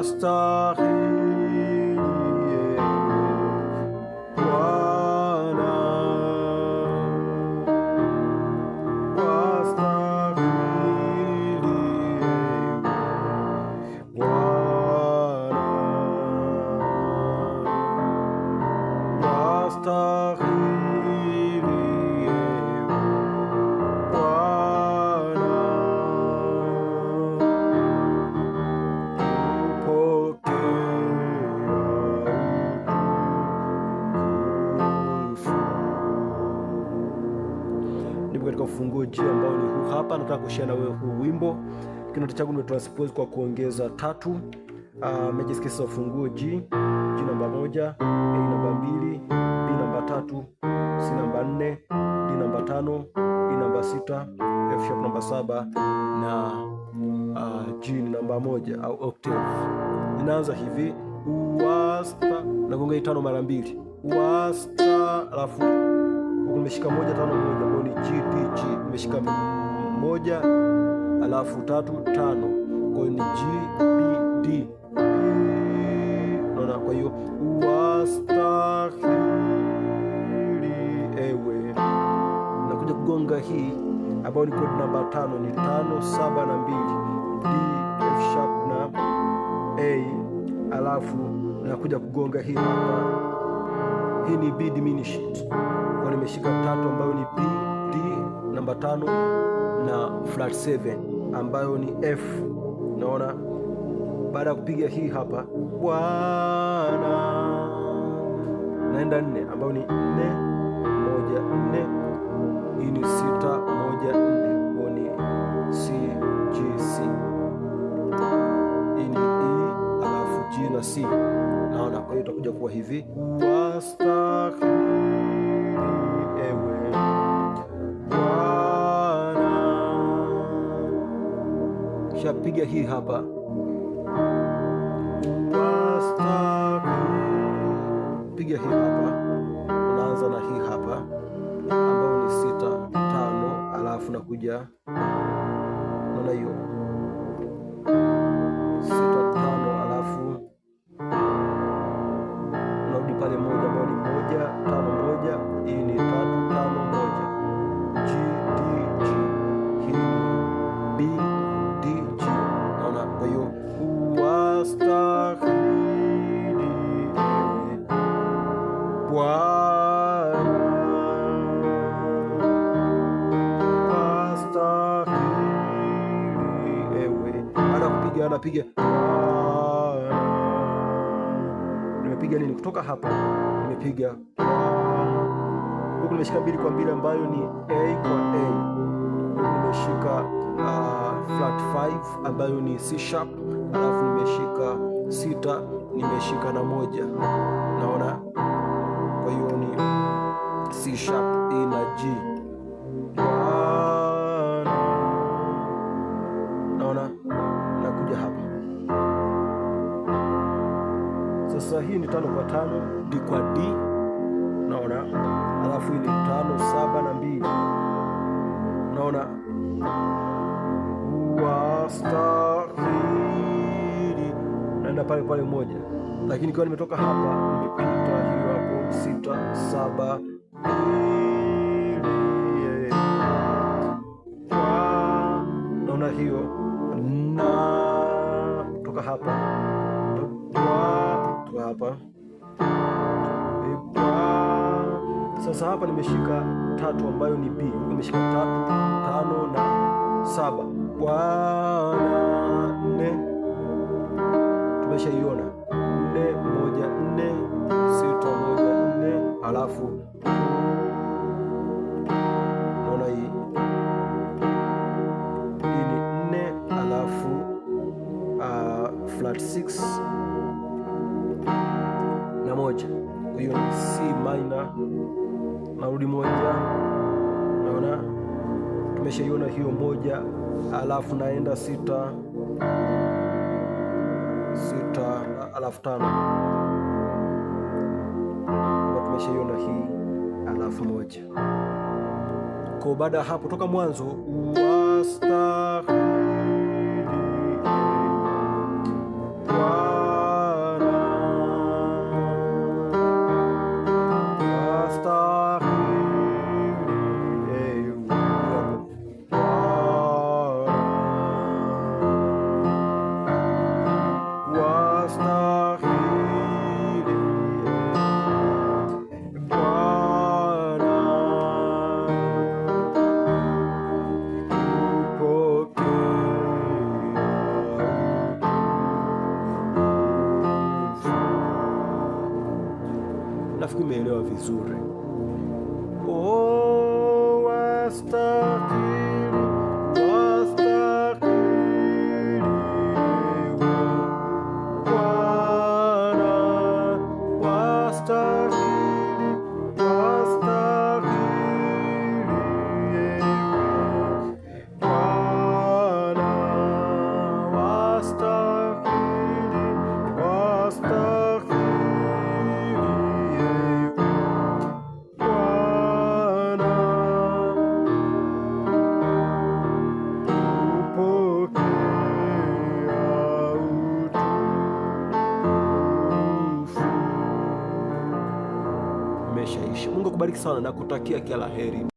Astahil. katika ufunguo G ambao ni huu hapa. Nataka kushare na wewe huu wimbo, kinato changu nimetranspose kwa kuongeza tatu uh, ah, major za ufunguo G: G namba moja, A namba mbili, B namba tatu, C namba nne, D namba tano, E namba sita, F sharp namba saba na uh, G ni namba moja au octave. Inaanza hivi uwasta, nagonga tano mara mbili, uwasta alafu umeshika moja tano moja ambao ni GDG, umeshika moja alafu tatu tano, kwa hiyo ni D naona. kwa hiyo wastahili ewe, nakuja kugonga hii ambayo ni kodi namba tano, ni tano saba na mbili, D F sharp na A, alafu nakuja kugonga hii hapa hii ni B diminished kwa nimeshika tatu ambayo ni B, D namba tano na flat 7 ambayo ni F. Naona baada ya kupiga hii hapa Bwana, naenda nne ambayo ni nne moja nne. Hii ni sita moja nne, huo ni C G C. Hii ni E alafu G na C kwa hiyo itakuja kuwa hivi shapiga hii hapa piga hii hapa, unaanza na hii hapa ambayo ni sita tano, alafu nakuja, naona hiyo Astahili ewe, nimepiga nini kutoka hapa, nimepiga huku, nimeshika mbili kwa mbili ambayo ni A kwa A, nimeshika uh, flat 5 ambayo ni C sharp, alafu nimeshika sita, nimeshika na moja, naona kwa hiyo ni C sharp, E na G. Naona nakuja hapa sasa. Hii ni tano kwa tano, D kwa D, naona alafu hii ni tano saba na mbili, naona wastahili, naenda pale pale moja, lakini kiwa nimetoka hapa nimepiga sita saba eh. naona hiyo na toka hapa toka hapa eh, sasa hapa nimeshika tatu ambayo ni B, nimeshika tatu tano na saba. Bwana nne tumeshaiona. alafu naona hii ni nne, alafu uh, flat 6 na moja, hiyo ni C minor. Narudi moja, naona tumeshaiona hiyo moja, alafu naenda sita sita, alafu tano nibadilishe hiyo na hii alafu moja. Kwa baada ya hapo toka mwanzo wasta umeelewa vizuri. Oh, kubariki sana na kutakia kila heri.